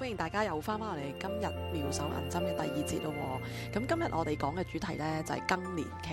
歡迎大家又翻返嚟今日妙手銀針嘅第二節咯喎、哦，咁今日我哋講嘅主題呢就係、是、更年期，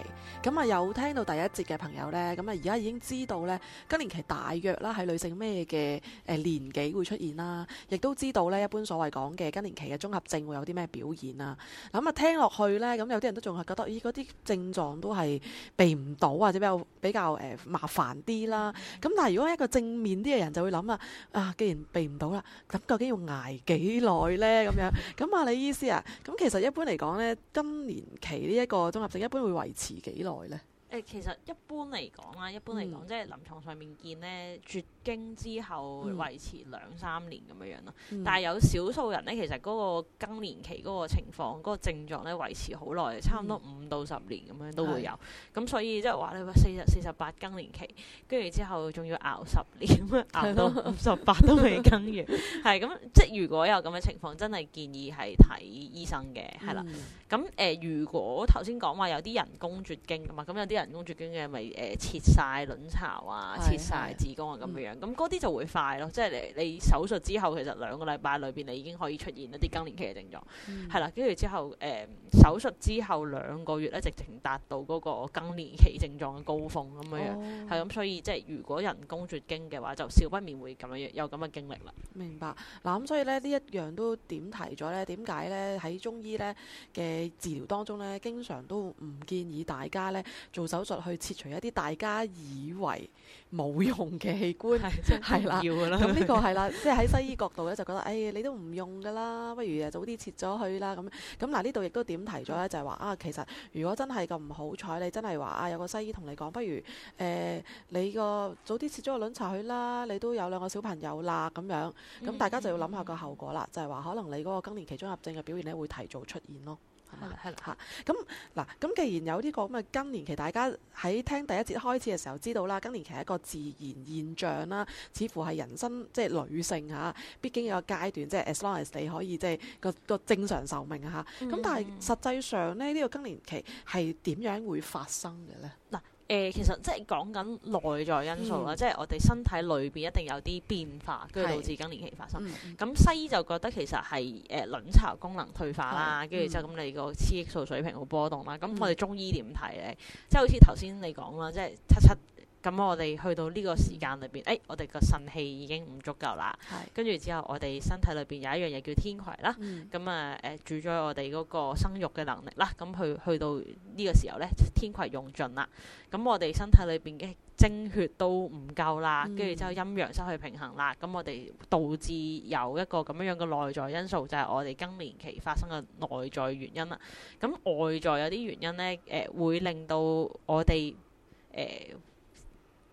咁啊有聽到第一節嘅朋友呢，咁啊而家已經知道呢更年期大約啦喺女性咩嘅誒年紀會出現啦，亦都知道呢一般所謂講嘅更年期嘅綜合症會有啲咩表現啊？咁啊聽落去呢，咁有啲人都仲係覺得咦嗰啲症狀都係避唔到或者比較比較誒、呃、麻煩啲啦，咁但係如果一個正面啲嘅人就會諗啊啊既然避唔到啦，咁究竟要捱幾幾耐呢？咁樣咁啊？你意思啊？咁其實一般嚟講呢，更年期呢一個綜合症一般會維持幾耐呢？誒，其實一般嚟講啊，一般嚟講、嗯、即係臨床上面見呢，絕經之後維持兩三年咁樣樣咯，但係有少數人咧，其實嗰個更年期嗰個情況，嗰個症狀咧維持好耐，差唔多五到十年咁樣都會有，咁所以即係話你話四十四十八更年期，跟住之後仲要熬十年咁樣熬到五十八都未更完，係咁，即係如果有咁嘅情況，真係建議係睇醫生嘅，係啦，咁誒如果頭先講話有啲人工絕經噶嘛，咁有啲人工絕經嘅咪誒切晒卵巢啊，切晒子宮啊咁樣樣。咁嗰啲就會快咯，即係你你手術之後，其實兩個禮拜裏邊，你已經可以出現一啲更年期嘅症狀，係啦、嗯。跟住之後，誒、嗯、手術之後兩個月咧，直情達到嗰個更年期症狀嘅高峰咁樣，係咁、哦。所以即係如果人工絕經嘅話，就少不免會咁樣有咁嘅經歷啦。明白。嗱，咁所以咧呢一樣都點提咗咧？點解咧喺中醫咧嘅治療當中咧，經常都唔建議大家咧做手術去切除一啲大家以為冇用嘅器官係啦，咁呢個係啦，即係喺西醫角度咧就覺得誒、哎，你都唔用㗎啦，不如早啲切咗佢啦咁。咁嗱，啊、呢度亦都點提咗咧，就係、是、話啊，其實如果真係咁唔好彩，你真係話啊，有個西醫同你講，不如誒、呃、你個早啲切咗個卵巢佢啦，你都有兩個小朋友啦咁樣。咁大家就要諗下個後果啦， 就係話可能你嗰個更年期綜合症嘅表現咧會提早出現咯。係啦，係咁嗱，咁既然有呢個咁嘅更年期，大家喺聽第一節開始嘅時候知道啦，更年期係一個自然現象啦，似乎係人生即係女性嚇，必經有個階段即係 as long as 你可以即係個個正常壽命嚇，咁但係實際上咧，呢、這個更年期係點樣會發生嘅咧？嗱、嗯。誒、呃、其實即係講緊內在因素啦，嗯、即係我哋身體裏邊一定有啲變化，跟住、嗯、導致更年期發生。咁、嗯嗯、西醫就覺得其實係誒、呃、卵巢功能退化啦，跟住之後咁你個雌激素水平好波動啦。咁、嗯、我哋中醫點睇咧？即係、嗯、好似頭先你講啦，即、就、係、是、七七。咁我哋去到呢個時間裏邊，誒、哎，我哋個腎氣已經唔足夠啦。是跟住之後，我哋身體裏邊有一樣嘢叫天癸啦。嗯。咁啊，誒、呃，主宰我哋嗰個生育嘅能力啦。咁去去到呢個時候呢，天癸用盡啦。咁我哋身體裏邊嘅精血都唔夠啦。跟住之後，陰陽失去平衡啦。咁我哋導致有一個咁樣樣嘅內在因素，就係、是、我哋更年期發生嘅內在原因啦。咁外在有啲原因呢，誒、呃，會令到我哋誒、呃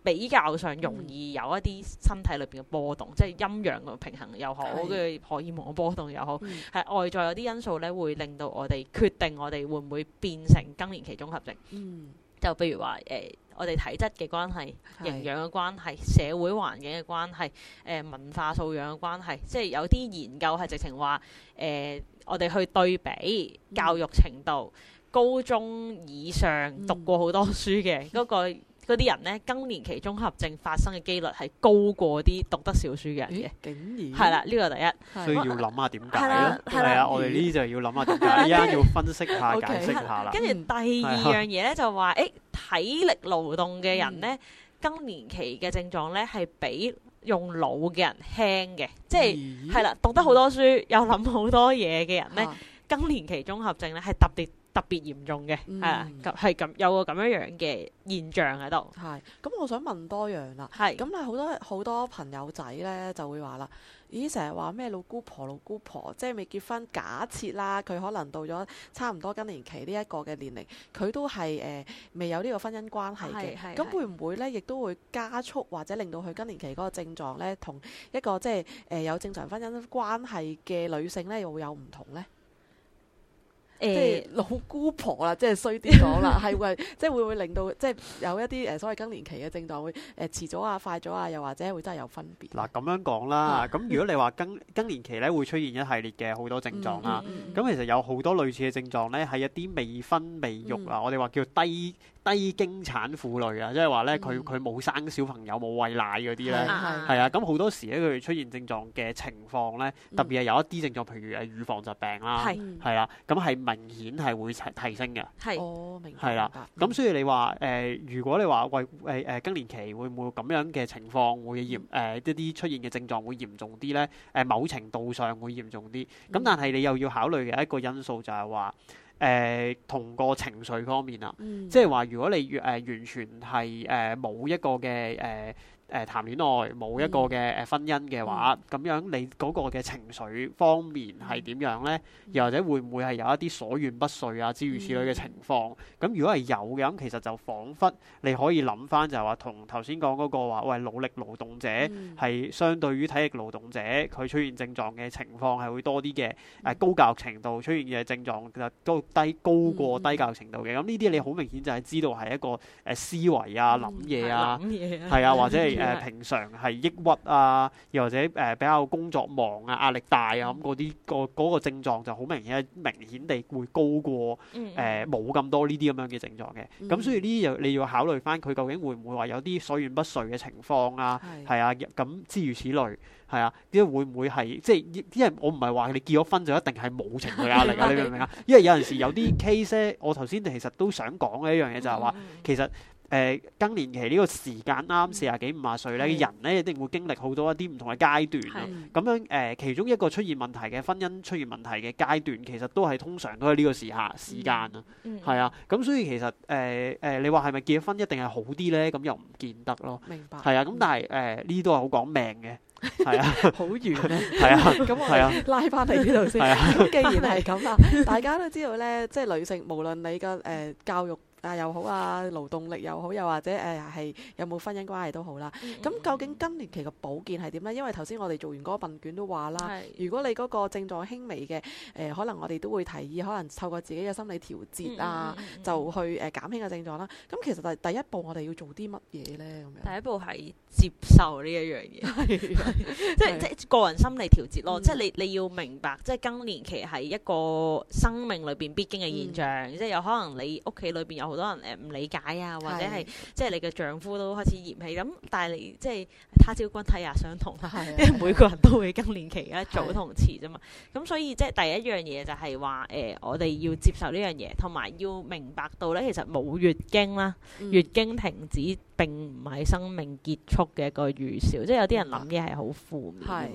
比較上容易有一啲身體裏邊嘅波動，嗯、即係陰陽嘅平衡又好，跟住是荷爾蒙嘅波動又好，係、嗯、外在有啲因素咧，會令到我哋決定我哋會唔會變成更年期綜合症。嗯、就譬如話誒、呃，我哋體質嘅關係、是營養嘅關係、社會環境嘅關係、誒、呃、文化素養嘅關係，即係有啲研究係直情話誒，我哋去對比教育程度、嗯、高中以上讀過好多書嘅嗰個。嗯嗯嗰啲人咧，更年期綜合症發生嘅機率係高過啲讀得少書嘅人嘅，竟然係啦，呢個第一，需要諗下點解咧？係啊，我哋呢就要諗下點解，依家要分析下、解釋下啦。跟住第二樣嘢咧就話，誒，體力勞動嘅人咧，更年期嘅症狀咧係比用腦嘅人輕嘅，即係係啦，讀得好多書又諗好多嘢嘅人咧，更年期綜合症咧係特別。特別嚴重嘅，係咁、嗯啊、有個咁樣樣嘅現象喺度。係，咁我想問多樣啦。係是，咁咧好多好多朋友仔呢就會話啦，咦，成日話咩老姑婆老姑婆，即係未結婚。假設啦，佢可能到咗差唔多更年期呢一個嘅年齡，佢都係誒、呃、未有呢個婚姻關係嘅。係咁會唔會呢？亦都會加速或者令到佢更年期嗰個症狀呢，同一個即係誒、呃、有正常婚姻關係嘅女性呢，又會有唔同呢？嗯即係老姑婆啦，即係衰啲講啦，係 會即係會唔會令到即係有一啲誒所謂更年期嘅症狀會誒、呃、遲咗啊、快咗啊，又或者會真係有分別？嗱，咁樣講啦，咁如果你話更更年期咧，會出現一系列嘅好多症狀啦，咁 其實有好多類似嘅症狀咧，係一啲未婚未育啊， 我哋話叫低，低經產婦類啊，即係話咧，佢佢冇生小朋友、冇餵、嗯、奶嗰啲咧，係啊吧，咁好多時咧，佢出現症狀嘅情況咧，嗯、特別係有一啲症狀，譬如誒乳房疾病啦，係係啦，咁係明顯係會提升嘅，係哦的，明白，明白，咁所以你話誒、呃，如果你話喂誒誒更年期會唔會咁樣嘅情況會嚴誒一啲出現嘅症狀會嚴重啲咧？誒、呃、某程度上會嚴重啲，咁但係你又要考慮嘅一個因素就係、是、話。就是誒、呃、同個情緒方面啊，嗯、即係話如果你越、呃、完全係誒冇一個嘅誒。呃誒、呃、談戀愛冇一個嘅誒婚姻嘅話，咁、嗯、樣你嗰個嘅情緒方面係點樣咧？又或者會唔會係有一啲所願不遂啊諸如此類嘅情況？咁、嗯、如果係有嘅，咁其實就彷彿你可以諗翻，就係話同頭先講嗰個話，喂、哎，腦力勞動者係相對於體力勞動者，佢、嗯、出現症狀嘅情況係會多啲嘅。誒、嗯啊、高教育程度出現嘅症狀其實都低高過低教育程度嘅。咁呢啲你好明顯就係知道係一個誒思維啊、諗嘢法啊，係啊，或者係。誒平常係抑鬱啊，又或者誒、呃、比較工作忙啊、壓力大啊咁嗰啲個嗰、那個症狀就好明顯，明顯地會高過誒冇咁多呢啲咁樣嘅症狀嘅。咁、嗯、所以呢啲又你要考慮返佢究竟會唔會話有啲所願不遂嘅情況啊？係啊是的，咁諸如此類係啊，因為會唔會係即係因為我唔係話你結咗婚就一定係冇情緒壓力啊？ 你明唔明啊？因為有陣時有啲 case 我頭先其實都想講嘅一樣嘢就係話，其實、嗯。嗯嗯誒，更年期呢個時間啱四十幾五十歲咧，人咧一定會經歷好多一啲唔同嘅階段啊。咁樣誒，其中一個出現問題嘅婚姻出現問題嘅階段，其實都係通常都係呢個時下時間啊。係啊，咁所以其實誒誒，你話係咪結婚一定係好啲咧？咁又唔見得咯。明白。係啊，咁但係誒呢都係好講命嘅，係啊，好遠，係啊，咁係啊，拉翻嚟呢度先。既然係咁啊，大家都知道咧，即係女性無論你嘅誒教育。又好啊，勞動力又好，又或者誒係、呃、有冇婚姻關係都好啦。咁、嗯嗯、究竟更年期嘅保健係點呢？因為頭先我哋做完嗰個問卷都話啦，是如果你嗰個症狀輕微嘅，誒、呃、可能我哋都會提議，可能透過自己嘅心理調節啊，嗯嗯嗯嗯嗯就去誒、呃、減輕個症狀啦、啊。咁其實第第一步我哋要做啲乜嘢呢？咁樣第一步係接受呢一樣嘢，即係即係個人心理調節咯。即係、嗯、你你要明白，即係更年期係一個生命裏邊必經嘅現象，嗯、即係有可能你屋企裏邊有。好多人誒唔理解啊，或者係的即係你嘅丈夫都開始嫌棄咁，但係你即係他朝君睇下相同啦，是的 因為每個人都會更年期一是的 早同遲啫嘛。咁、嗯、所以即係第一樣嘢就係話誒我哋要接受呢樣嘢，同埋要明白到咧，其實冇月經啦，嗯、月經停止並唔係生命結束嘅一個預兆，即係有啲人諗嘢係好負面，係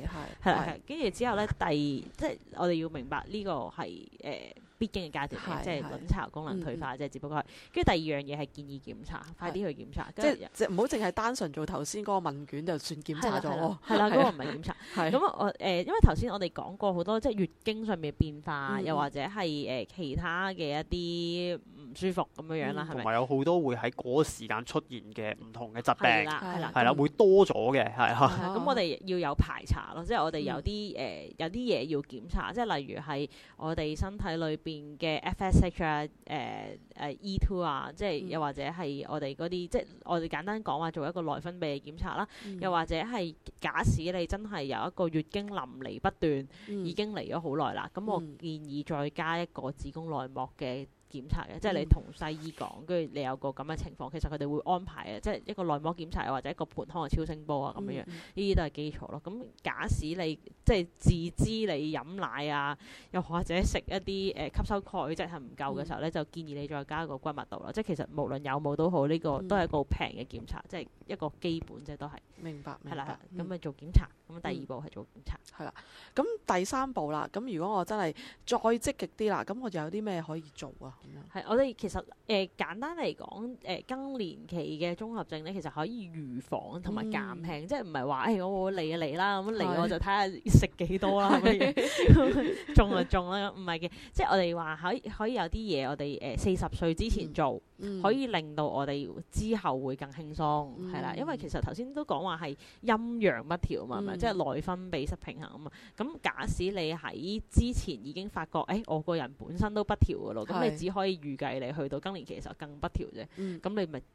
係係。跟住之後咧，第二即係我哋要明白呢個係誒。呃呃必經嘅階段，即係卵巢功能退化即係，只不過。跟住第二樣嘢係建議檢查，快啲去檢查。即係唔好淨係單純做頭先嗰個問卷就算檢查咗，係啦，嗰個唔係檢查。咁我誒，因為頭先我哋講過好多，即係月經上面嘅變化，又或者係誒其他嘅一啲唔舒服咁樣樣啦，係咪？同埋有好多會喺嗰個時間出現嘅唔同嘅疾病，係啦，係會多咗嘅，係嚇。咁我哋要有排查咯，即係我哋有啲誒有啲嘢要檢查，即係例如係我哋身體裏邊。邊嘅 FSH 啊，誒、呃、誒、呃、E2 啊，即係、嗯、又或者係我哋嗰啲，即係我哋簡單講話做一個內分泌嘅檢查啦，又或者係假使你真係有一個月經淋漓不斷，嗯、已經嚟咗好耐啦，咁我建議再加一個子宮內膜嘅。檢查嘅，即係你同西醫講，跟住你有個咁嘅情況，其實佢哋會安排嘅，即係一個內膜檢查，或者一個盆腔嘅超聲波啊，咁樣樣，呢啲、嗯嗯、都係基礎咯。咁假使你即係自知你飲奶啊，又或者食一啲誒、呃、吸收鈣質係唔夠嘅時候咧，嗯、就建議你再加一個骨密度啦。即係其實無論有冇都好，呢、這個都係一個平嘅檢查，即係。一個基本啫，都係明白，係啦，咁咪做檢查，咁、嗯、第二步係做檢查，係啦，咁第三步啦，咁如果我真係再積極啲啦，咁我仲有啲咩可以做啊？咁樣係，我哋其實誒、呃、簡單嚟講，誒、呃、更年期嘅綜合症咧，其實可以預防同埋減輕，嗯、即係唔係話誒我我嚟就嚟啦，咁嚟我就睇下食幾多啦、啊，係咪的？中 就中啦，唔係嘅，即係我哋話可以可以有啲嘢我哋誒四十歲之前做，嗯、可以令到我哋之後會更輕鬆。嗯係啦，因為其實頭先都講話係陰陽不調啊嘛，嗯、即係內分泌失平衡啊嘛。咁假使你喺之前已經發覺，誒、哎、我個人本身都不調嘅咯，咁是 你只可以預計你去到更年期，其實更不調啫。咁、嗯、你咪～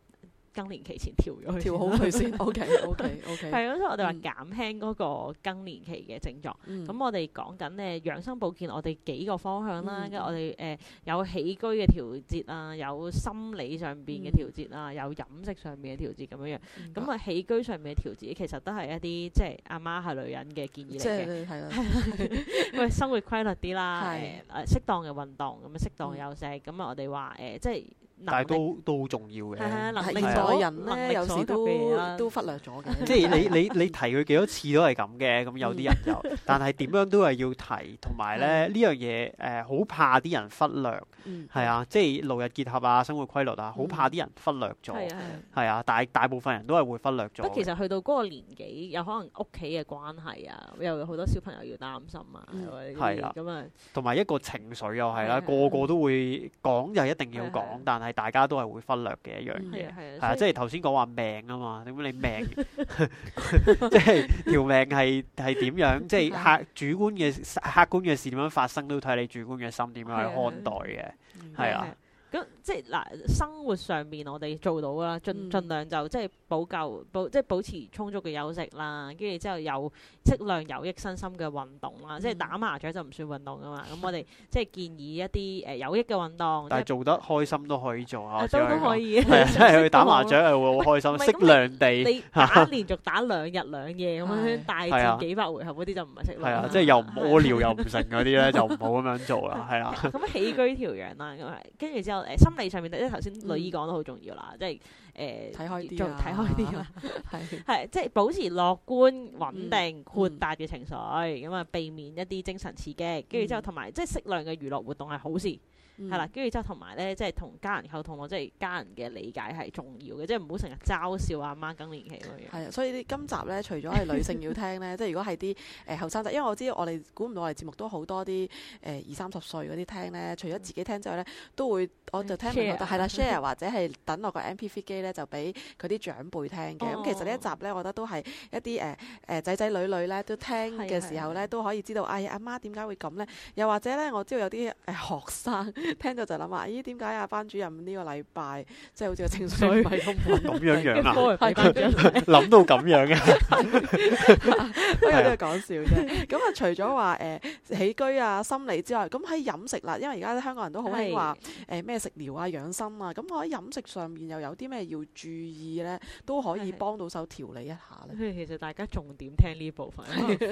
更年期前調咗去，調好佢先。OK，OK，OK。係啊，所以我哋話減輕嗰個更年期嘅症狀。咁我哋講緊咧養生保健，我哋幾個方向啦。跟住我哋誒有起居嘅調節啊，有心理上邊嘅調節啊，有飲食上邊嘅調節咁樣樣。咁啊起居上面嘅調節其實都係一啲即係阿媽係女人嘅建議嚟嘅，係啦。喂，生活規律啲啦，誒適當嘅運動咁樣，適當休息。咁啊，我哋話誒即係。但係都都好重要嘅，能力所人咧，有時都都忽略咗嘅。即係你你你提佢幾多次都係咁嘅，咁有啲人又，但係點樣都係要提，同埋咧呢樣嘢誒好怕啲人忽略，係啊，即係勞逸結合啊，生活規律啊，好怕啲人忽略咗，係啊，係啊，大部分人都係會忽略咗。其實去到嗰個年紀，有可能屋企嘅關係啊，又有好多小朋友要擔心啊，係啦，咁啊，同埋一個情緒又係啦，個個都會講就一定要講，但係。大家都係會忽略嘅一樣嘢，係 啊，啊，即係頭先講話命啊嘛，點解你命即係 條命係係點樣？ 即係客主觀嘅客觀嘅事點樣發生，都睇你主觀嘅心點樣去看待嘅，係 啊。 即係嗱，生活上面我哋做到啦，盡盡量就即係補救，保即係保持充足嘅休息啦。跟住之後有適量有益身心嘅運動啦，即係打麻雀就唔算運動啊嘛。咁我哋即係建議一啲誒有益嘅運動。但係做得開心都可以做啊，都可以係啊，即係去打麻雀係會好開心。適量地打，連續打兩日兩夜咁樣大戰幾百回合嗰啲就唔係適量。即係又唔屙尿又唔成嗰啲咧，就唔好咁樣做啦，係啦。咁起居調養啦，咁樣跟住之後誒心。心理上面，即頭先女醫講都好重要啦，即係誒睇開啲啊，係係即係保持樂觀、穩定、豁達嘅情緒，咁啊避免一啲精神刺激，跟住、嗯、之後同埋即係適量嘅娛樂活動係好事。係啦，跟住、嗯、之後同埋咧，即係同家人溝通我即係家人嘅理解係重要嘅，即係唔好成日嘲笑阿媽，媽更年期咁樣。係啊，所以今集咧，除咗係女性要聽咧， 即係如果係啲誒後生仔，因為我知我哋估唔到我哋節目都好多啲誒、呃、二三十歲嗰啲聽咧，除咗自己聽之外咧，都會我就聽完都係啦，share 或者係等落個 M P V 機咧，就俾佢啲長輩聽嘅。咁、哦、其實呢一集咧，我覺得都係一啲誒誒仔仔女女咧都聽嘅時候咧，都可以知道，哎呀阿媽點解會咁咧？又或者咧，我知道有啲誒學生。 聽到就諗話，咦、哎？點解啊？班主任呢個禮拜即係好似個情緒唔係咁樣樣啊？諗 到咁樣嘅，不過都係講笑啫。咁啊， 哎嗯、除咗話誒起居啊、心理之外，咁喺飲食啦，因為而家香港人都好興話誒咩食療啊、養生啊。咁我喺飲食上面又有啲咩要注意咧，都可以幫到手調理一下咧。其實大家重點聽呢部分，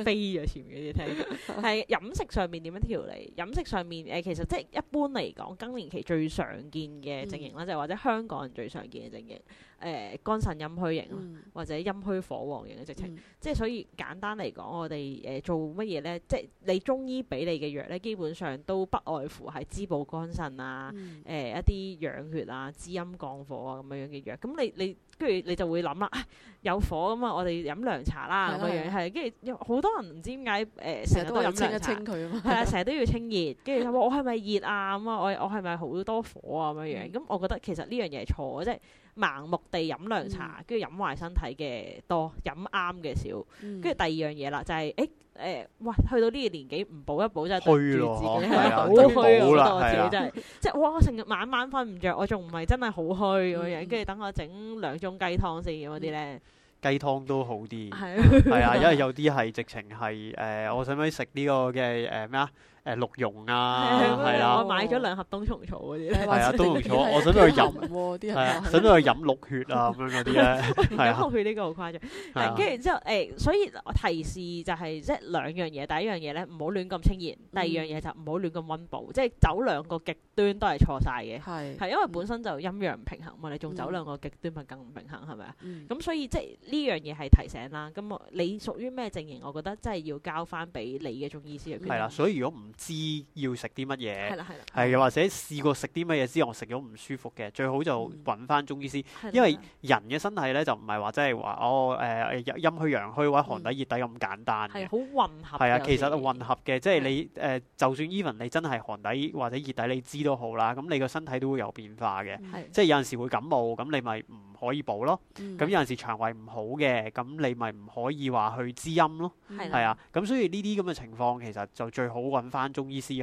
飛咗 前面啲聽。係飲食上面點樣調理？飲食上面誒，其實即係一般嚟。嚟講更年期最常見嘅症型啦，嗯、就係或者香港人最常見嘅症型，誒肝腎陰虛型、嗯、或者陰虛火旺型嘅直情，嗯、即係所以簡單嚟講，我哋誒、呃、做乜嘢呢？即係你中醫俾你嘅藥呢，基本上都不外乎係滋補肝腎啊，誒、嗯呃、一啲養血啊、滋陰降火啊咁樣嘅藥。咁你你。你跟住你就會諗啦、哎，有火咁、啊呃、嘛，我哋飲涼茶啦咁樣樣，係，跟住好多人唔知點解誒，成日都飲清佢啊嘛，係啊，成日都要清熱，跟住佢話我係咪熱啊？咁啊，我我係咪好多火啊？咁樣、嗯、樣，咁我覺得其實呢樣嘢錯，即係。盲目地飲涼茶，跟住飲壞身體嘅多，飲啱嘅少。跟住第二樣嘢啦，就係誒誒，哇！去到呢個年紀唔補一補真係虛咯，好虛好多自己真係，即係哇！成日晚晚瞓唔着，我仲唔係真係好虛咁樣，跟住等我整兩盅雞湯先咁嗰啲咧。雞湯都好啲，係啊，因為有啲係直情係誒，我想唔想食呢個嘅誒咩啊？誒，鹿茸啊，係啊，我買咗兩盒冬蟲草嗰啲，係啊，冬蟲草，我準備去飲，係，準備去飲鹿血啊咁樣嗰啲咧，飲鹿血呢個好誇張，跟住之後誒，所以我提示就係即係兩樣嘢，第一樣嘢咧唔好亂咁清熱，第二樣嘢就唔好亂咁溫補，即係走兩個極端都係錯晒嘅，係，因為本身就陰陽唔平衡嘛，你仲走兩個極端咪更唔平衡係咪啊？咁所以即係呢樣嘢係提醒啦，咁你屬於咩證型？我覺得即係要交翻俾你嘅一種意思係啦，所以如果唔知要食啲乜嘢，係又或者試過食啲乜嘢之後，我食咗唔舒服嘅，最好就揾翻中醫師，的因為人嘅身體咧就唔係話真係話哦誒、呃、陰虛陽虛或者寒底熱底咁簡單，係好混合，係啊的，其實係混合嘅，即係你誒的、呃，就算 even 你真係寒底或者熱底，你知都好啦，咁你個身體都會有變化嘅，的即係有陣時會感冒，咁你咪唔可以補咯，咁的有陣時腸胃唔好嘅，咁你咪唔可以話去滋陰咯，係啊的，咁的所以呢啲咁嘅情況其實就最好揾翻。揾中醫師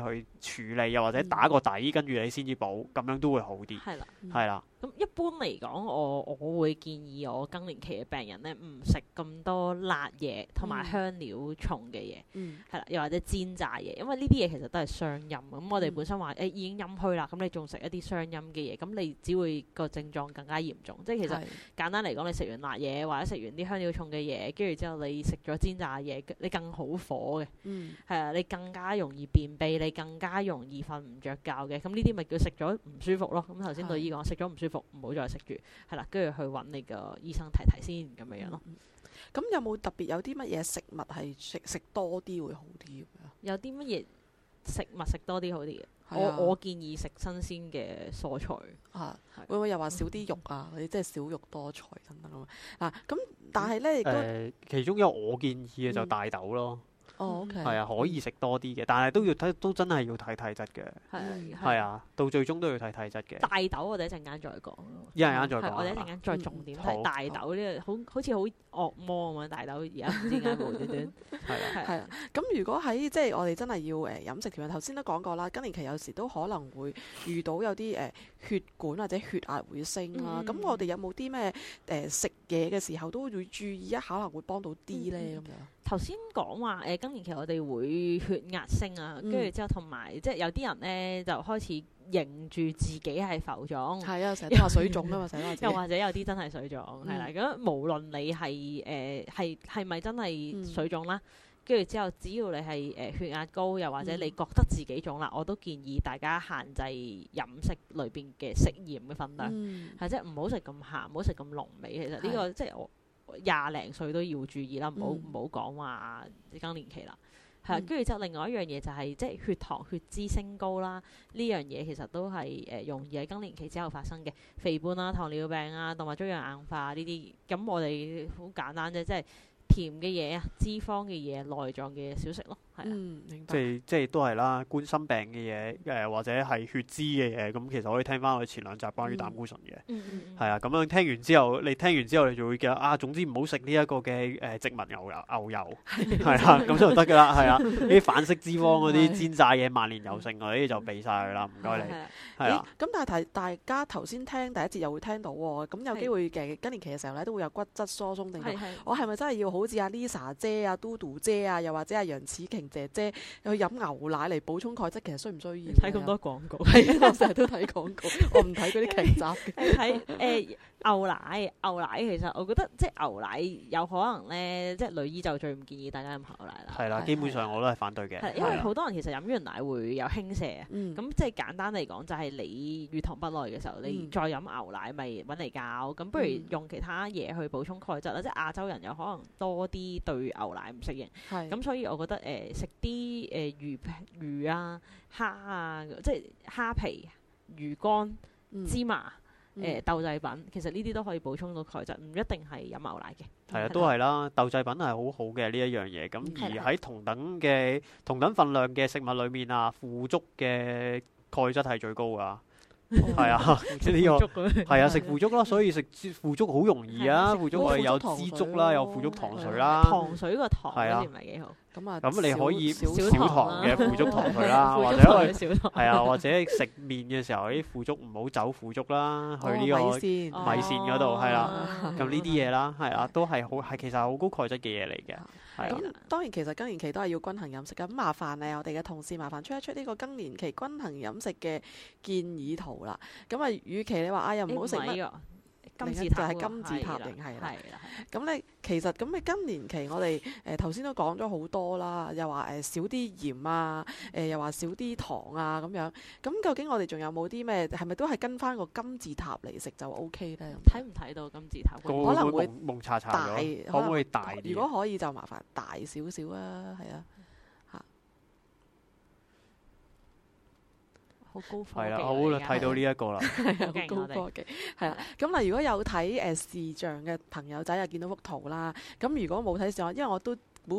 去處理，又或者打個底，跟住你先至補，咁樣都會好啲。係啦的，係啦。咁一般嚟講，我我會建議我更年期嘅病人咧，唔食咁多辣嘢同埋香料重嘅嘢，係啦、嗯，又或者煎炸嘢，因為呢啲嘢其實都係傷陰。咁我哋本身話誒、嗯哎、已經陰虛啦，咁你仲食一啲傷陰嘅嘢，咁你只會、個症狀更加嚴重。即係其實的簡單嚟講，你食完辣嘢或者食完啲香料重嘅嘢，跟住之後你食咗煎炸嘢，你更好火嘅，係啊、嗯，你更加容易便秘，你更加容易瞓唔着覺嘅。咁呢啲咪叫食咗唔舒服咯。咁頭先對醫講食咗唔舒服。唔好再食住，係啦，跟住去搵你個醫生睇睇先，咁樣樣咯。咁、嗯、有冇特別有啲乜嘢食物係食食多啲會好啲？有啲乜嘢食物食多啲好啲、啊、我我建議食新鮮嘅蔬菜啊，唔喂、啊，會唔會又話少啲肉啊，或者即係少肉多菜等等啊。咁但係呢，嗯那個、其中一個我建議嘅就大豆咯。嗯哦，OK，係啊，可以食多啲嘅，但係都要睇，都真係要睇體質嘅，係係啊，到最終都要睇體質嘅。大豆我哋一陣間再講，一陣間再講，我哋一陣間再重點睇，大豆呢個好好似好惡魔啊嘛！大豆而家點解無端端係啦，係啊。咁如果喺即係我哋真係要誒飲食調養，頭先都講過啦，更年期有時都可能會遇到有啲誒血管或者血壓會升啦。咁我哋有冇啲咩誒食嘢嘅時候都會注意一下，可能會幫到啲咧咁樣。頭先講話誒，更年期我哋會血壓升啊，跟住、嗯、之後同埋即係有啲人咧就開始認住自己係浮腫，係啊、嗯，成日話水腫啊嘛，又或者有啲真係水腫，係、嗯、啦。咁無論你係誒係係咪真係水腫啦，跟住、嗯、之後只要你係誒血壓高，又或者你覺得自己腫啦，嗯、我都建議大家限制飲食裏邊嘅食鹽嘅分量，係、嗯嗯、即係唔好食咁鹹，唔好食咁濃味。其實呢、呢個即係我的。嗯廿零歲都要注意啦，唔好唔好講話更年期啦，係，跟住之後就另外一樣嘢就係即係血糖血脂升高啦，呢樣嘢其實都係誒、呃、容易喺更年期之後發生嘅，肥胖啊、糖尿病啊、動脈粥樣硬化呢啲，咁我哋好簡單啫，即、就、係、是、甜嘅嘢啊、脂肪嘅嘢、內臟嘅少食咯。即係即係都係啦，冠心病嘅嘢，誒或者係血脂嘅嘢，咁其實可以聽翻我哋前兩集關於膽固醇嘅，係啊，咁樣聽完之後，你聽完之後你就會記得啊，總之唔好食呢一個嘅誒植物牛油牛油，係啊，咁就得㗎啦，係啊，呢啲反式脂肪嗰啲煎炸嘢、萬年油性嗰啲就避晒佢啦，唔該你，係啊，咁但係提大家頭先聽第一節又會聽到喎，咁有機會嘅更年期嘅時候咧都會有骨質疏鬆症㗎，我係咪真係要好似阿 Lisa 姐啊、嘟嘟姐啊，又或者阿楊紫瓊？姐姐又去飲牛奶嚟補充鈣質，其實需唔需要？睇咁多廣告，係啊，我成日都睇廣告，我唔睇嗰啲劇集嘅。 睇、哎、誒。牛奶，牛奶其實我覺得即係牛奶有可能咧，即係女醫就最唔建議大家飲牛奶啦。係啦，基本上我都係反對嘅。係因為好多人其實飲完奶會有輕瀉啊，咁、嗯、即係簡單嚟講就係你乳糖不耐嘅時候，嗯、你再飲牛奶咪揾嚟搞，咁、嗯、不如用其他嘢去補充鈣質啦。嗯、即係亞洲人有可能多啲對牛奶唔適應，咁是的 所以我覺得誒食啲誒魚魚啊、蝦啊，即係蝦皮、魚乾、芝麻。嗯、芝麻誒、呃、豆製品其實呢啲都可以補充到鈣質，唔一定係飲牛奶嘅。係啊、嗯，都係啦，豆製品係好好嘅呢一樣嘢。咁、嗯、而喺同等嘅、嗯、同等份量嘅食物裡面啊，腐竹嘅鈣質係最高㗎。係啊，呢啲藥係啊，食腐竹咯，所以食腐竹好容易啊！腐竹我哋有支竹啦，有腐竹糖水啦，糖水個糖係啊，唔係幾好。咁啊，咁你可以少糖嘅腐竹糖水啦，或者係啊，或者食麵嘅時候啲腐竹唔好走腐竹啦，去呢個米線嗰度係啦。咁呢啲嘢啦，係啦，都係好係，其實好高鈣質嘅嘢嚟嘅。咁當然其實更年期都係要均衡飲食㗎，咁麻煩你，我哋嘅同事麻煩出一出呢個更年期均衡飲食嘅建議圖啦。咁啊，與其你話哎呀，唔好食乜金字塔係金字塔型係啦。咁你，其實咁你更年期， 我哋誒頭先都講咗好多啦，又話誒少啲鹽啊，誒、呃、又話少啲糖啊咁樣。咁究竟我哋仲有冇啲咩？係咪都係跟翻個金字塔嚟食就 OK 咧？睇唔睇到金字塔可茶茶？可能會蒙查查咗，可唔可以大啲？如果可以就麻煩大少少啊，係啊。好高科技，好啦，睇 到呢一個啦，好高科技。係 啦，咁我嗱，如果有睇誒、呃、視像嘅朋友仔，就見到幅圖啦。咁如果冇睇視像，因為我都。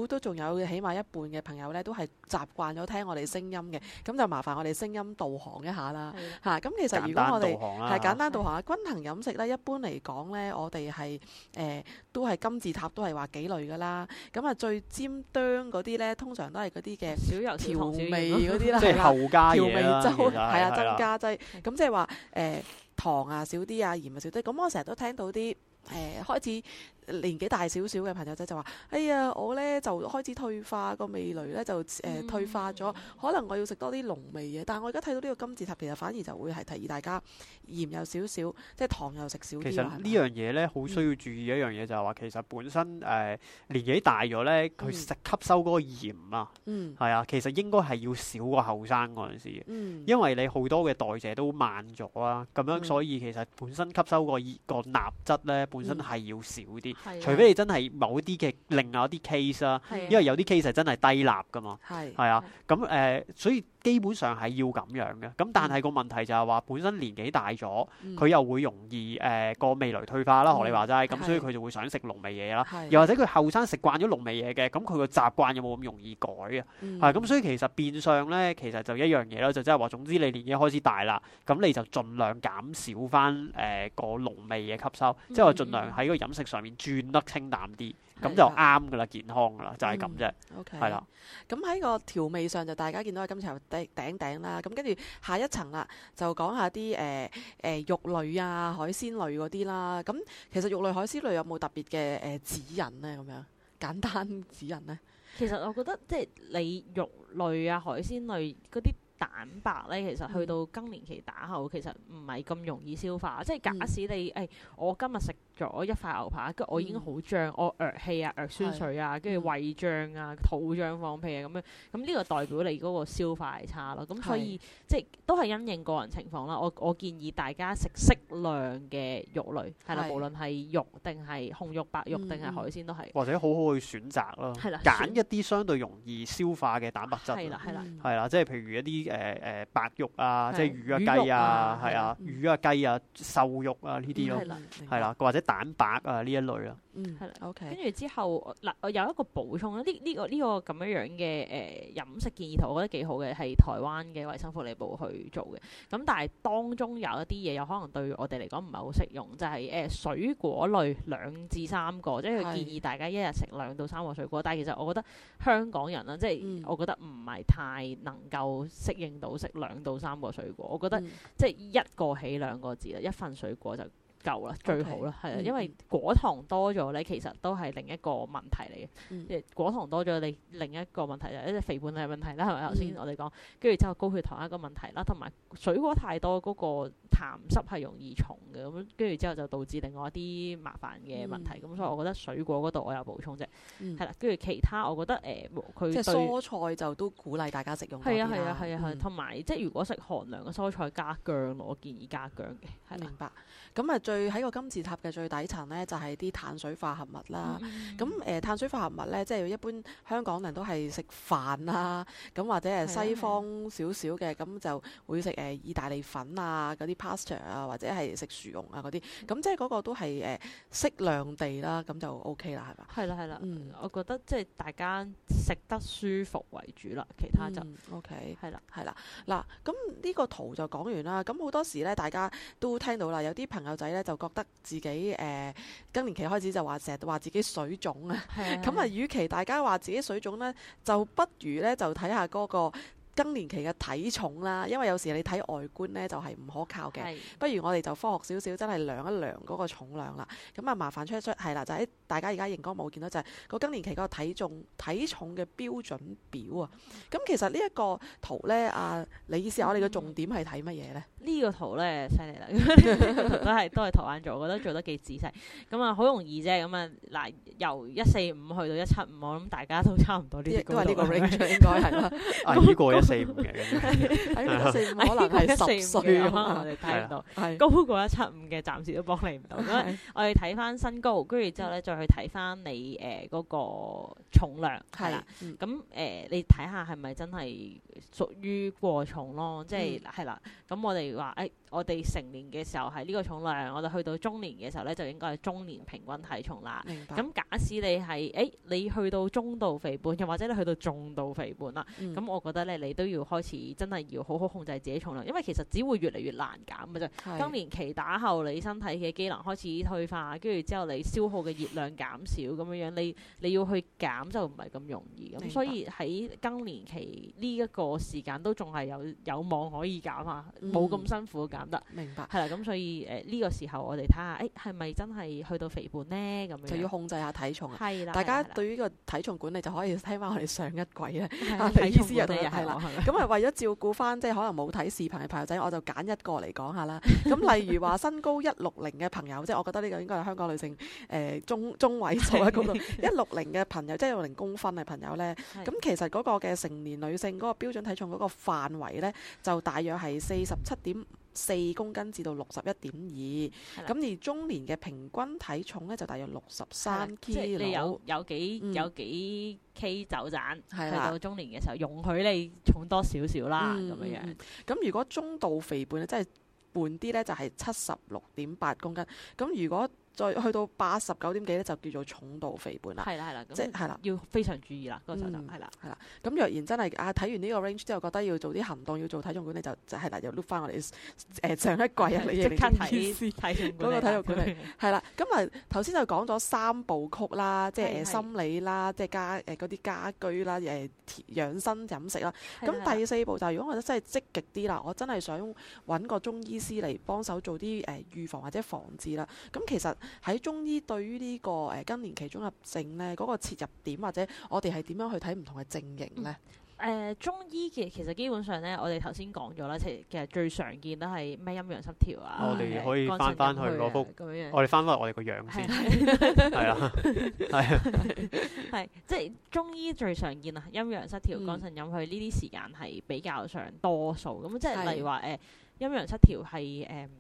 都仲有起碼一半嘅朋友咧，都係習慣咗聽我哋聲音嘅，咁就麻煩我哋聲音導航一下啦，嚇！咁其實如果我哋係簡單導航啊，均衡飲食咧，一般嚟講咧，我哋係誒都係金字塔都係話幾類噶啦，咁啊最尖端嗰啲咧，通常都係嗰啲嘅少油調味嗰啲啦，即係後加嘢啦，係啊，增加劑，咁即係話誒糖啊少啲啊，鹽啊少啲，咁我成日都聽到啲。誒、呃、開始年紀大少少嘅朋友仔就話：哎呀，我呢就開始退化個味蕾呢就誒、呃嗯、退化咗。可能我要食多啲濃味嘢。但係我而家睇到呢個金字塔，其實反而就會係提議大家鹽有少少，即係糖又食少啲。其實呢樣嘢呢，好、嗯、需要注意一樣嘢就係、是、話，其實本身誒、呃、年紀大咗呢，佢食吸收嗰個鹽啊，係、嗯、啊，其實應該係要少過後生嗰陣時、嗯、因為你好多嘅代謝都慢咗啦。咁樣、嗯嗯、所以其實本身吸收個個鈉質呢。嗯、本身係要少啲，是啊、除非你真係某啲嘅另外一啲 case 啦、啊，是啊、因為有啲 case 係真係低立噶嘛，係是啊，啊，咁誒是、啊呃，所以。基本上係要咁樣嘅，咁但係個問題就係話本身年紀大咗，佢又會容易誒個味蕾退化啦。學你話齋咁，所以佢就會想食濃味嘢啦。又或者佢後生食慣咗濃味嘢嘅，咁佢個習慣有冇咁容易改啊？係咁，所以其實變相呢，其實就一樣嘢囉，就即係話總之你年紀開始大啦，咁你就儘量減少返誒個濃味嘢吸收，即係話儘量喺個飲食上面轉得清淡啲，咁就啱噶啦，健康噶啦，就係咁啫。OK，係啦。咁喺個調味上就大家見到喺今集。頂頂頂啦，咁跟住下一層啦，就講下啲誒誒肉類啊、海鮮類嗰啲啦。咁其實肉類海鮮類有冇特別嘅誒、呃、指引呢？咁樣簡單指引呢？其實我覺得即係你肉類啊、海鮮類嗰啲蛋白呢，其實去到更年期打後，嗯、其實唔係咁容易消化。即係假使你誒、嗯哎，我今日食。咗一塊牛扒，跟住我已經好脹，我弱氣啊、弱酸水啊，跟住胃脹啊、肚脹、放屁啊咁樣，咁呢個代表你嗰個消化係差咯。咁所以即係都係因應個人情況啦。我我建議大家食適量嘅肉類，係啦，無論係肉定係紅肉、白肉定係海鮮都係，或者好好去選擇咯，揀一啲相對容易消化嘅蛋白質，係啦係啦，係啦，即係譬如一啲誒誒白肉啊，即係魚啊、雞啊，係啊，魚啊、雞啊、瘦肉啊呢啲咯，係啦，或者，蛋白啊呢一類啊，嗯，係啦，OK。跟住之後嗱，我有一個補充啦，呢、呢、呢個呢、呢個咁、呢個、樣樣嘅誒飲食建議，我覺得幾好嘅，係台灣嘅衞生福利部去做嘅。咁但係當中有一啲嘢有可能對我哋嚟講唔係好適用，就係、係、誒、呃、水果類兩至三個，即係佢建議大家一日食兩到三個水果。是但係其實我覺得香港人啦，即係、嗯、我覺得唔係太能夠適應到食兩到三個水果。我覺得、嗯、即係一個起兩個字啦，一份水果就。夠啦，最好啦，係啊，因為果糖多咗咧，其實都係另一個問題嚟嘅。果糖多咗，你另一個問題就係肥胖嘅問題啦，係咪頭先我哋講？跟住之後高血糖一個問題啦，同埋水果太多嗰個痰濕係容易重嘅，咁跟住之後就導致另外一啲麻煩嘅問題。咁所以，我覺得水果嗰度我有補充啫，係啦。跟住其他，我覺得誒，佢即係蔬菜就都鼓勵大家食用。係啊，係啊，係啊，同埋即係如果食寒涼嘅蔬菜，加薑，我建議加薑嘅。明白。咁啊。最喺個金字塔嘅最底層咧，就係啲碳水化合物啦。咁誒碳水化合物咧，即係一般香港人都係食飯啊，咁或者係西方少少嘅，咁就會食誒意大利粉啊，啲 pasta 啊，或者係食薯蓉啊啲。咁即係個都係誒適量地啦，咁就 OK 啦，係嘛？係啦，係啦。嗯，我覺得即係大家食得舒服為主啦，其他就 OK。係啦，係啦。嗱，咁呢個圖就講完啦。咁好多時咧，大家都聽到啦，有啲朋友仔咧。就覺得自己誒更年期開始，就話成日話自己水腫啊，咁啊的，與其大家話自己水腫呢，就不如呢就睇下嗰個更年期嘅體重啦，因為有時你睇外觀咧就係、是、唔可靠嘅，的不如我哋就科學少少，真係量一量嗰個重量啦。咁啊，麻煩出一出係啦，就喺、是、大家而家熒光幕見到就係、是、個更年期嗰個體重體重嘅標準表啊。咁、嗯嗯、其實呢一個圖咧、啊，你意思我哋嘅重點係睇乜嘢咧？呢個圖咧犀利啦，都係都係台灣做，我覺得做得幾仔細。咁啊，好容易啫。咁、嗯、啊，嗱，由一四五去到一七五，我諗大家都差唔多呢啲。都係呢個 range 應該係啦。啊，呢個四五嘅，係啦，係十歲可能我哋睇唔到，啊啊、高過一七五嘅暫時都幫你唔到。咁、啊、我哋睇翻身高，跟住之後咧再去睇翻你誒嗰個重量係是啦。咁誒、嗯呃、你睇下係咪真係屬於過重咯？即係係啦。咁我哋話誒，我哋成年嘅時候係呢個重量，我哋去到中年嘅時候咧，就應該係中年平均體重啦。咁明白 假使你係誒、哎，你去到中度肥胖，又或者你去到重度肥胖啦，咁、嗯、我覺得咧你，都要開始真係要好好控制自己重量，因為其實只會越嚟越難減啊！就是更年期打後，你身體嘅機能開始退化，跟住之後你消耗嘅熱量減少咁樣樣，你你要去減就唔係咁容易。咁白所以喺更年期呢一個時間都仲係有有望可以減啊，冇咁、嗯、辛苦減得。明白。係啦，咁所以誒呢、呃呢個時候我哋睇下，誒係咪真係去到肥胖呢？咁樣就要控制下體重啊！係啦的，大家對於個體重管理就可以睇翻我哋上一季咧， 體重又對啊。咁係為咗照顧翻，即係可能冇睇視頻嘅朋友仔，我就揀一個嚟講下啦。咁、嗯、例如話身高一六零嘅朋友，即係我覺得呢個應該係香港女性誒中中位數嘅高度一六零嘅朋友，即一六零公分嘅朋友呢，咁 其實嗰個嘅成年女性嗰個標準體重嗰個範圍呢，就大約係四十七點四公斤至到六十一點二，咁而中年嘅平均體重呢，就大約六十三 kilo，即係你，有幾、嗯、有幾 K 走盞，係啦，去到中年嘅時候，容許你重多少少啦，咁、嗯、樣樣。咁、嗯、如果中度肥胖即係胖啲呢，就係七十六點八公斤。咁如果再去到八十九點幾咧，就叫做重度肥胖啦。係啦，係 啦，即係啦，要非常注意啦。嗰個程度係啦，係啦、嗯。咁若然真係啊，睇完呢個 range 之後，覺得要做啲行動，要做體重管理，就就係啦，又碌 o 翻我哋誒、呃、上一季 啊，你即刻睇體重管嗰個體重管理係啦。咁啊的，頭先、嗯嗯、就講咗三部曲啦，即係誒心理啦，的即係家誒嗰啲家居啦，誒、呃、養生飲食啦。咁的第四部就係、是、如果我覺得真係積極啲啦，我真係想揾個中醫師嚟幫手做啲誒、呃、預防或者防治啦。咁、嗯、其實喺中醫對於呢、這個誒、呃、更年期綜合症咧，嗰、那個切入點或者我哋係點樣去睇唔同嘅症型咧？誒、嗯呃，中醫嘅其實基本上咧，我哋頭先講咗啦，其實其實最常見都係咩陰陽失調啊。我哋可以翻翻去嗰、啊、幅，我哋翻翻我哋個樣先，係啊，係，係，即、就、係、是、中醫最常見啊，陰陽失調、肝腎陰虛呢啲時間係比較上多數咁。即係例如話誒陰陽失調係誒。嗯嗯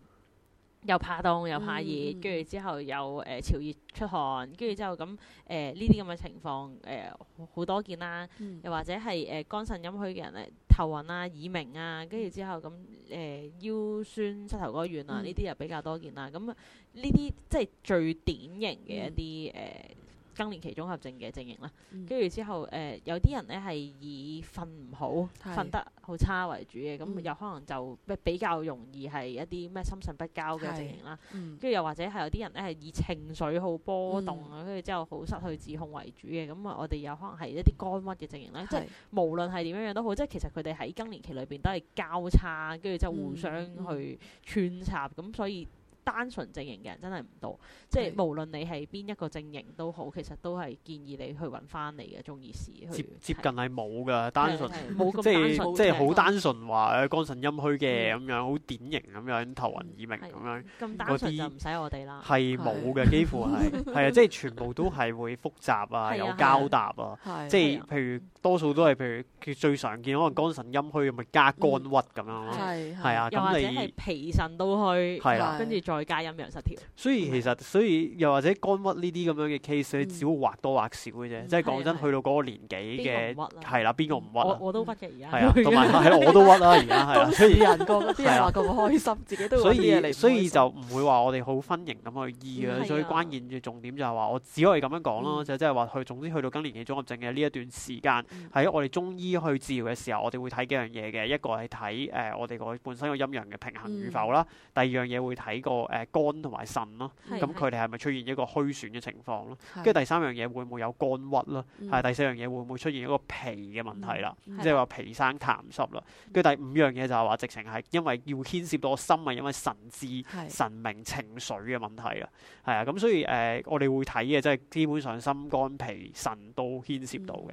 又怕凍又怕熱，跟住、嗯、之後又誒、呃、潮熱出汗，跟住之後咁誒呢啲咁嘅情況誒好、呃、多見啦、啊。嗯、又或者係誒、呃、肝腎陰虛嘅人咧，頭暈啊、耳鳴啊，跟住之後咁誒、呃、腰酸膝頭哥軟啊，呢啲又比較多見啦、啊。咁呢啲即係最典型嘅一啲誒。嗯呃更年期綜合症嘅證型啦，跟住之後誒、呃，有啲人咧係以瞓唔好、瞓是得好差為主嘅，咁、嗯、又可能就比比較容易係一啲咩心神不交嘅證型啦。跟住是又或者係有啲人咧係以情緒好波動，跟住、嗯、之後好失去自控為主嘅，咁啊、嗯，我哋有可能係一啲肝鬱嘅證型啦。是即係無論係點樣樣都好，即係其實佢哋喺更年期裏邊都係交叉，跟住就互相去串插，咁、嗯、所以。單純證型嘅人真係唔多，即係無論你係邊一個證型都好，其實都係建議你去揾翻你嘅中醫師。接近係冇㗎單純，冇即係即係好單純話肝腎陰虛嘅咁樣，好典型咁樣，頭暈耳鳴咁樣，咁單純就唔使我哋啦。係冇嘅，幾乎係係啊，即係全部都係會複雜啊，有交搭啊，即係譬如多數都係譬如最常見可能肝腎陰虛，咪加肝鬱咁樣咯。係啊，咁你，脾腎都虛，跟住。再加陰陽失調，所以其實，所以又或者肝鬱呢啲咁樣嘅 case，你只會或多或少嘅啫。即係講真，去到嗰個年紀嘅，係啦，邊個唔鬱？我都鬱嘅而家，同埋我都鬱啦而家係啦。所以人講，邊個講我開心，自己都所以就唔會話我哋好分型咁去醫嘅。所以關鍵嘅重點就係話，我只可以咁樣講咯，就即係話去。總之去到更年期綜合症嘅呢一段時間，喺我哋中醫去治療嘅時候，我哋會睇幾樣嘢嘅。一個係睇誒我哋個本身個陰陽嘅平衡與否啦。第二樣嘢會睇個。誒、呃，肝同埋腎咯，咁佢哋係咪出現一個虛損嘅情況咯？跟住的第三樣嘢會唔會有肝鬱咯？係、嗯、第四樣嘢會唔會出現一個脾嘅問題啦？即係話脾生痰濕啦。跟住、嗯、第五樣嘢就係話直情係因為要牽涉到個心啊，因為神志、的神明、情緒嘅問題啊。係啊，咁所以誒、呃，我哋會睇嘅即係基本上心肝脾腎都牽涉到嘅，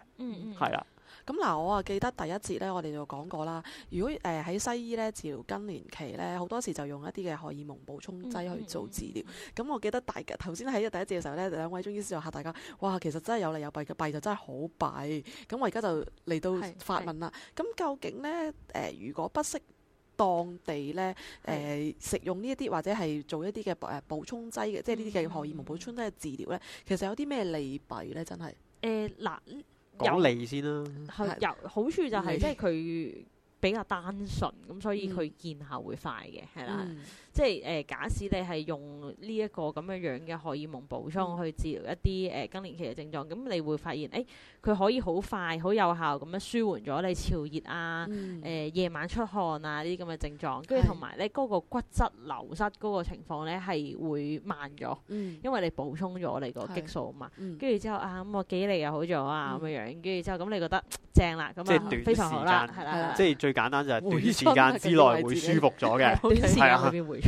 係啦、嗯。嗯咁嗱，我啊記得第一節咧，我哋就講過啦。如果誒喺、呃、西醫咧治療更年期咧，好多時就用一啲嘅荷爾蒙補充劑去做治療。咁、嗯嗯、我記得大頭先喺第一節嘅時候咧，兩位中醫師就嚇大家，哇，其實真係有利有弊嘅，弊就真係好弊。咁我而家就嚟到發問啦。咁究竟咧誒、呃，如果不適當地咧誒、呃、是食用呢一啲或者係做一啲嘅誒補充劑嘅、嗯嗯嗯，即係呢啲嘅荷爾蒙補充劑嘅治療咧，其實有啲咩利弊咧？真係誒嗱。欸有利先啦，有好處就係、是嗯、即係佢比較單純，咁、嗯、所以佢見效會快嘅，係啦、嗯的。嗯即係誒，假使你係用呢一個咁樣樣嘅荷爾蒙補充去治療一啲誒更年期嘅症狀，咁你會發現誒，佢可以好快、好有效咁樣舒緩咗你潮熱啊、誒夜晚出汗啊呢啲咁嘅症狀，跟住同埋咧嗰個骨質流失嗰個情況咧係會慢咗，因為你補充咗你個激素啊嘛，跟住之後啊，咁我幾嚟又好咗啊咁樣樣，跟住之後咁你覺得正啦，咁啊非常好啦，係啦，短時間，即係最簡單就係短時間之內會舒服咗嘅，係啊。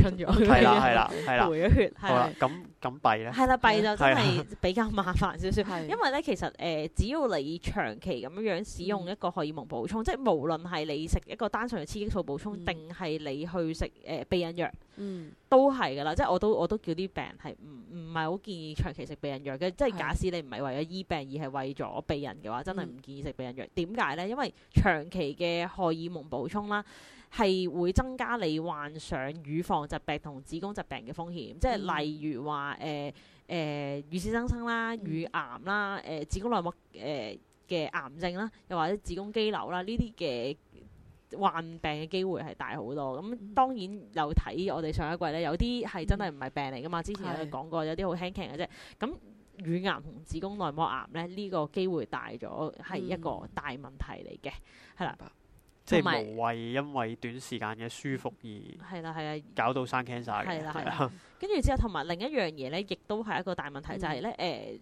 係啦，係啦，係啦 後，回咗 血。係啦 吧，咁咁閉咧？係啦，閉就真係比較麻煩少少。 的因為咧，其實誒、呃，只要你長期咁樣樣使用一個荷爾蒙補充，嗯、即係無論係你食一個單純嘅雌激素補充，定係、嗯、你去食誒、呃、避孕藥，嗯，都係噶啦。即係我都我都叫啲病人係唔唔係好建議長期食避孕藥嘅。即係假使你唔係為咗醫病而係為咗避孕嘅話，真係唔建議食避孕藥。點解咧？因為長期嘅荷爾蒙補充啦。係會增加你患上乳房疾病同子宮疾病嘅風險，即係例如話誒誒乳腺增生、生啦、乳癌啦、誒、呃、子宮內膜誒嘅、呃、癌症啦，又或者子宮肌瘤啦，呢啲嘅患病嘅機會係大好多。咁當然有睇我哋上一季咧，有啲係真係唔係病嚟㗎嘛？之前有講過的有啲好輕輕嘅啫。咁乳癌同子宮內膜癌咧，呢、這個機會大咗係一個大問題嚟嘅，係啦、嗯。即係無謂，因為短時間嘅舒服而係啦，係啊，搞到生 cancer 曬嘅，係啦，係啦。跟住 之後，同埋另一樣嘢咧，亦都係一個大問題，嗯、就係、係、咧，誒、呃。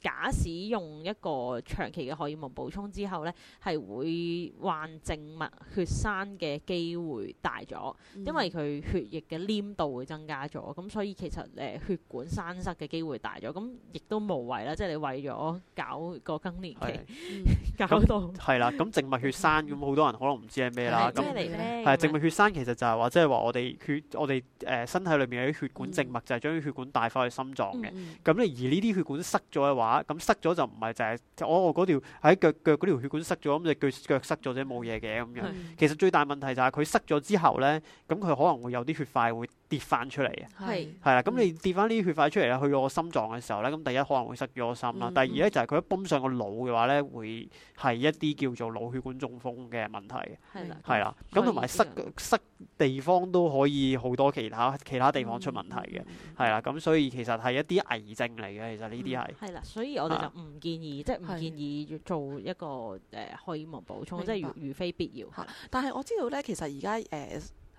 假使用一個長期嘅荷爾蒙補充之後咧，係會患靜脈血栓嘅機會大咗，因為佢血液嘅黏度會增加咗，咁所以其實誒、呃、血管生塞嘅機會大咗，咁亦都無謂啦，即係你為咗搞個更年期對 搞到係啦、 嗯，咁那、 嗯、靜脈血栓，咁好多人可能唔知係咩啦，咁係、嗯、靜脈血栓其實就係話即係話我哋血我哋誒身體裏面有啲血管靜脈，就係將啲血管帶翻去心臟嘅，咁咧、嗯嗯嗯、而呢啲血管塞咗嘅話。咁、啊嗯、塞咗就唔係淨係，我我嗰條喺腳腳嗰條血管塞咗，咁隻腳腳塞咗啫，冇嘢嘅咁樣。嗯、其實最大問題就係、是、佢塞咗之後咧，咁、嗯、佢可能會有啲血塊會。跌翻出嚟嘅，係是，係啦，咁你跌翻啲血塊出嚟咧，去到我心臟嘅時候咧，咁第一可能會塞咗心啦，嗯嗯、第二咧就係、是、佢一泵上個腦嘅話咧，會係一啲叫做腦血管中風嘅問題，係啦的，係啦的，咁同埋塞塞地方都可以好多其他其他地方出問題嘅，係啦、嗯，咁所以其實係一啲危症嚟嘅，其實呢啲係。係啦、嗯，所以我哋就唔建議，即係唔建議做一個誒、呃、虛無補充，的白即係如，如非必要嚇。的但係我知道咧，其實而家誒。呃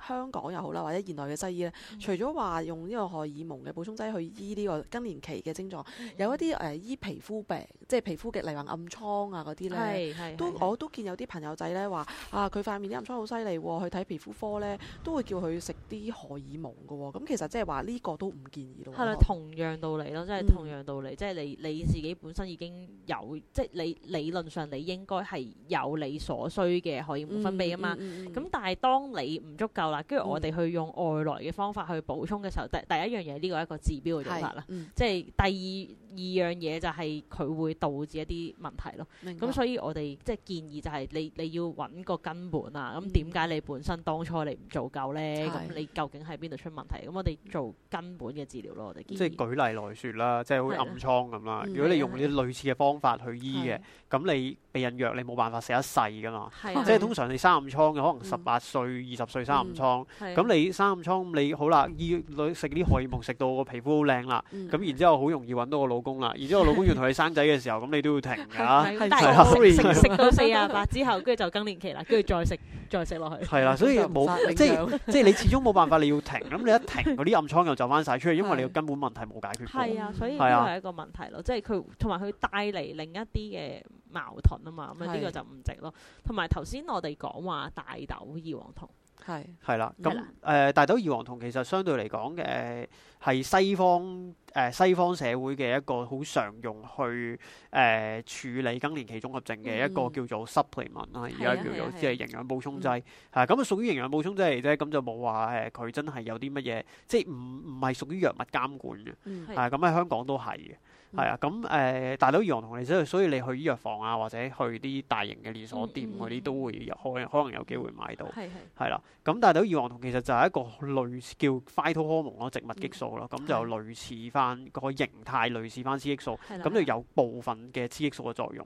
香港又好啦，或者現代嘅西醫咧，嗯、除咗話用呢個荷爾蒙嘅補充劑去醫呢個更年期嘅症狀，嗯、有一啲誒醫皮膚病，即係皮膚嘅例如暗瘡啊嗰啲咧，呢都我都見有啲朋友仔咧話啊，佢塊面啲暗瘡好犀利，去睇皮膚科咧，都會叫佢食啲荷爾蒙㗎喎，咁其實即係話呢個都唔建議咯。係啦吧，同樣道理咯，即係同樣道理，即係、嗯、你你自己本身已經有，即係你,你理論上你應該係有你所需嘅荷爾蒙分泌啊嘛，咁但係當你唔足夠。嗱，跟住我哋去用外來嘅方法去補充嘅時候，第第一樣嘢呢個係一個治標嘅做法啦，嗯、即係第二。二樣嘢就係佢會導致一啲問題咯。咁所以我哋即係建議就係你你要揾個根本啊。咁點解你本身當初你唔做夠咧？咁你究竟喺邊度出問題？咁我哋做根本嘅治療咯。我哋即係舉例來說啦，即係好似暗瘡咁啦。如果你用啲類似嘅方法去醫嘅，咁你避孕藥你冇辦法食一世噶嘛？即係通常你生暗瘡嘅可能十八歲、二十歲生暗瘡。咁你生暗瘡，你好啦，醫女食啲荷爾蒙食到個皮膚好靚啦。咁然之後好容易揾到個老。而且我老公啦，然之後老公要同你生仔嘅時候，咁你都要停嘅食、啊、 到四啊八之後，跟住就更年期啦，跟住再食再食落去，係啦，所以冇 即係 即係 你始終冇辦法，你要停，咁 你一停，嗰啲暗瘡又就翻晒出嚟，因為你根本問題冇解決，係啊， 所以係啊，係一個問題咯，即係佢同埋佢帶嚟另一啲嘅矛盾啊嘛，咁啊呢個就唔值咯，同埋頭先我哋講話大豆異黃酮。係，係啦，咁誒大豆異黃酮其實相對嚟講嘅係西方誒、呃、西方社會嘅一個好常用去誒、呃、處理更年期綜合症嘅一個叫做 supplement 啦、嗯，而家叫做即係營養補充劑，嚇咁啊屬於營養補充劑嚟啫，咁就冇話誒佢真係有啲乜嘢，即係唔唔係屬於藥物監管嘅，嚇咁喺香港都係嘅。的的係啊，咁誒大豆異黃酮，你所所以你去醫藥房啊，或者去啲大型嘅連鎖店嗰啲都會有，可能可能有機會買到。係係啦，咁大豆異黃酮，其實就係一個類似叫 phytohormone 咯，植物激素咯，咁就類似翻個形態，類似翻雌激素，咁就有部分嘅雌激素嘅作用。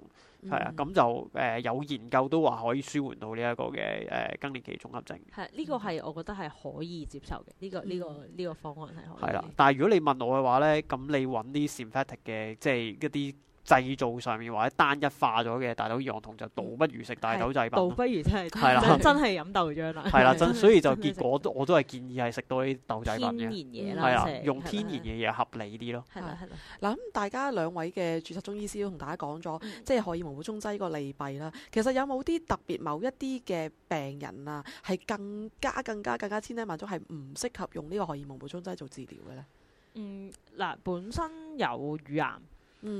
係啊，咁就誒、呃、有研究都話可以舒緩到呢一個嘅誒、呃、更年期綜合症。係呢、呢個係我覺得係可以接受嘅，呢、呢個呢個呢個方案係可以。係啦，但係如果你問我嘅話咧，咁你揾啲 synthetic 嘅，即係一啲。製造上面或者單一化咗嘅大豆異黃酮，就倒不如食大豆製品，倒不如真係真係飲豆漿啦。係啦，真所以就結果我都係建議係食多啲豆製品嘅，天然嘢啦，係啊，用天然嘢嘢合理啲咯。係啦係啦。嗱咁，大家兩位嘅註冊中醫師都同大家講咗，即係荷爾蒙補充劑呢個利弊啦。其實有冇啲特別某一啲嘅病人啊，係更加更加更加千叮萬囑係唔適合用呢個荷爾蒙補充劑做治療嘅咧？嗯，嗱，本身有乳癌。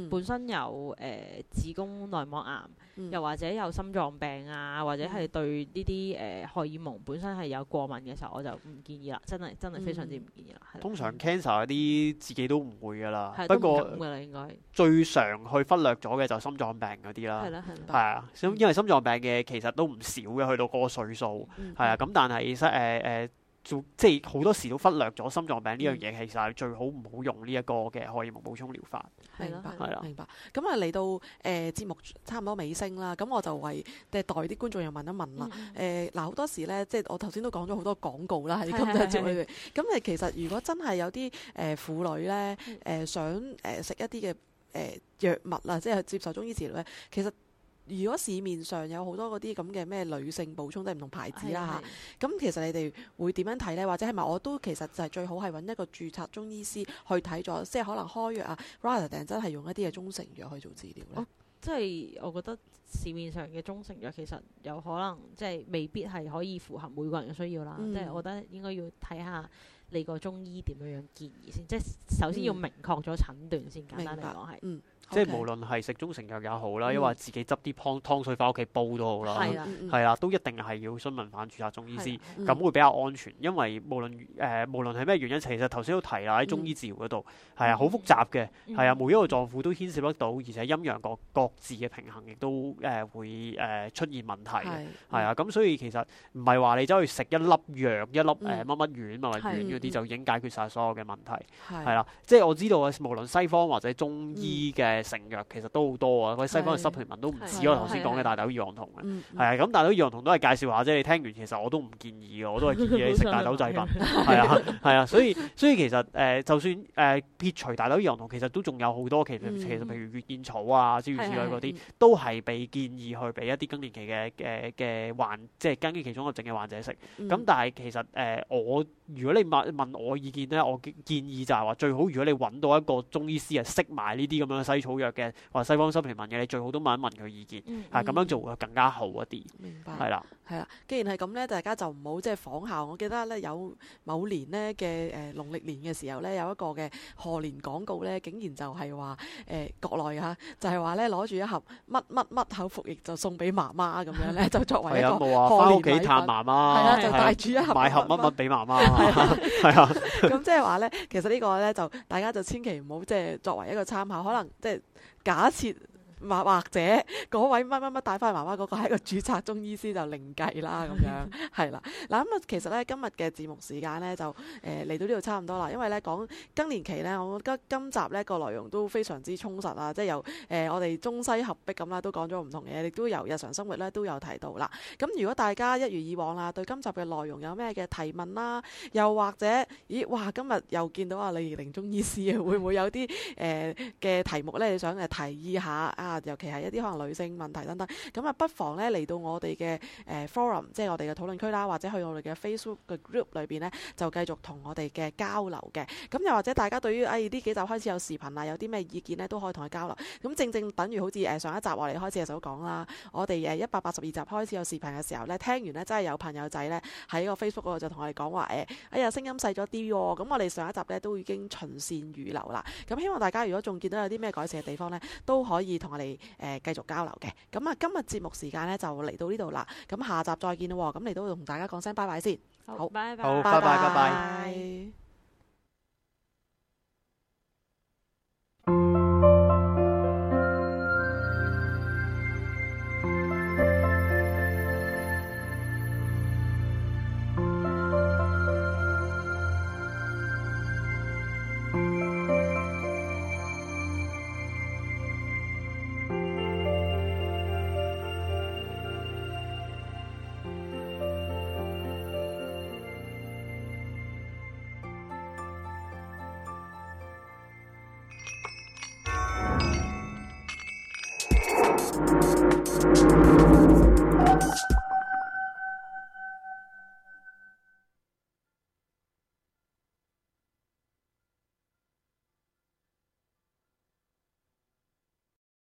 本身有誒、呃、子宮內膜癌，嗯、又或者有心臟病啊，或者係對呢啲誒荷爾蒙本身係有過敏嘅時候，我就唔建議啦，真係真係非常之唔建議啦。嗯、的通常 cancer 嗰啲自己都唔會噶啦，的不過應該最常去忽略咗嘅就係心臟病嗰啲啦，係啦係啦，係啊、嗯，因為心臟病嘅其實都唔少嘅，去到個歲數係啊，咁、嗯嗯、但係其實誒誒。呃呃做即係好多時都忽略咗心臟病呢樣嘢，嗯、其實係最好唔好用呢一個嘅荷爾蒙補充療法。明白，的明白。咁啊，嚟到誒節目差唔多尾聲啦，咁我就為即係代啲觀眾又問一問啦。誒嗱、嗯啊，好多時咧，即係我頭先都講咗好多廣告啦，喺的今集節目。咁誒，其實如果真係有啲誒、呃、婦女咧，誒、呃、想誒、呃、食一啲嘅誒藥物啦，即係接受中醫治療咧，其實。如果市面上有好多嗰啲咁嘅咩女性補充劑唔、就是、同牌子啦吓，咁是是 其實你哋會點樣睇呢？或者係咪我都其實就係最好係揾一個註冊中醫師去睇咗，即係可能開藥啊 rather 定真係用一啲嘅中成藥去做治療咧？啊、即係我覺得市面上嘅中成藥其實有可能即係、就是、未必係可以符合每個人嘅需要啦。嗯、即係我覺得應該要睇下你個中醫點樣樣建議先，即係首先要明確咗診斷先。嗯、簡單嚟講係。嗯 Okay. 即係無論係食中成藥也好啦，因為、嗯、自己執啲湯湯水翻屋企煲都好啦，係啊、嗯嗯，都一定係要詢問翻註冊中醫師，咁、嗯、會比較安全，因為無論誒、呃、無論係咩原因，其實頭先都提啦，喺中醫治療嗰度係啊，好複雜嘅，係啊，每一個臟腑都牽涉得到，而且陰陽各各自嘅平衡亦都誒、呃、會誒、呃、出現問題，係啊的，咁的所以其實唔係話你走去食一粒藥一粒誒乜乜丸或者丸嗰啲就已經解決晒所有嘅問題，係啦的，即係我知道啊，無論西方或者中醫嘅、嗯。成藥其實都好多啊，西方嘅濕平民都唔止我頭先講嘅大豆異黃酮嘅，係啊的，咁、嗯、大豆異黃酮都係介紹下啫。即你聽完其實我都唔建議嘅，我都係建議你食 要大豆製品，係啊，係啊。所以所以其實誒、呃，就算誒、呃、撇除大豆異黃酮，其實都仲有好多其,、嗯、其實其實譬如月見草啊之類之類嗰啲，都係被建議去俾一啲更年期嘅嘅嘅患，即係更年期綜合症嘅患者食。咁、嗯嗯、但係其實誒、呃，我如果你問,問我意見咧，我建議就係話最好如果你揾到一個中醫師係識埋呢啲咁樣西。草藥嘅，或者西方心靈問嘅，你最好都問一問佢意見，嚇咁、嗯啊、樣做會更加好一啲。明白。係啦的，係啦。既然係咁咧，大家就唔好即係仿效。我記得咧有某年咧嘅誒農曆年嘅時候咧，有一個嘅賀年廣告咧，竟然就係話誒國內嚇就係話咧攞住一盒乜乜乜口服液就送俾媽媽咁 樣咧，就作為一個翻屋企探媽媽，係啊的，就帶住一盒買盒乜乜俾媽媽，係啊 是的，係啊。咁即係話咧，其實個呢個咧就大家就千祈唔好即係作為一個參考，可能即係。係假設。或者嗰位乜乜乜帶翻嚟媽媽嗰個，係一個註冊中醫師就另計啦，咁樣係啦。嗱，咁啊，其實咧今日嘅節目時間咧就誒嚟、呃、到呢度差唔多啦，因為咧講更年期咧，我覺得今集咧、呢個內容都非常之充實啊！即係由誒、呃、我哋中西合璧咁啦，都講咗唔同嘢，亦都由日常生活咧都有提到啦。咁如果大家一如以往啦，對今集嘅內容有咩嘅提問啦，又或者咦哇，今日又見到阿李玲中醫師，會唔會有啲誒嘅題目咧你想誒提議下啊？尤其係一啲可能女性問題等等，咁啊不妨咧嚟到我哋嘅誒 forum，即係我哋嘅討論區啦，或者去我哋嘅 Facebook 嘅 group 裏邊呢就繼續同我哋嘅交流嘅。咁又或者大家對於誒呢、哎、幾集開始有視頻啦，有啲咩意見呢，都可以同佢交流。咁正正等於好似上一集我哋開始就講啦，我哋一百八十二集開始有視頻嘅時候呢，聽完呢真係有朋友仔呢，喺個 Facebook 度就同我哋講話誒，哎呀聲音細咗啲喎。咁我哋上一集呢，都已經從善如流啦。咁希望大家如果仲見到有啲咩改善嘅地方呢，都可以同我哋。係誒，繼、嗯、續交流嘅。咁啊，今日節目時間呢，就嚟到呢度啦。咁下集再見咯。咁你都同大家講聲拜拜先。好，好拜拜，好，拜拜，拜拜。拜拜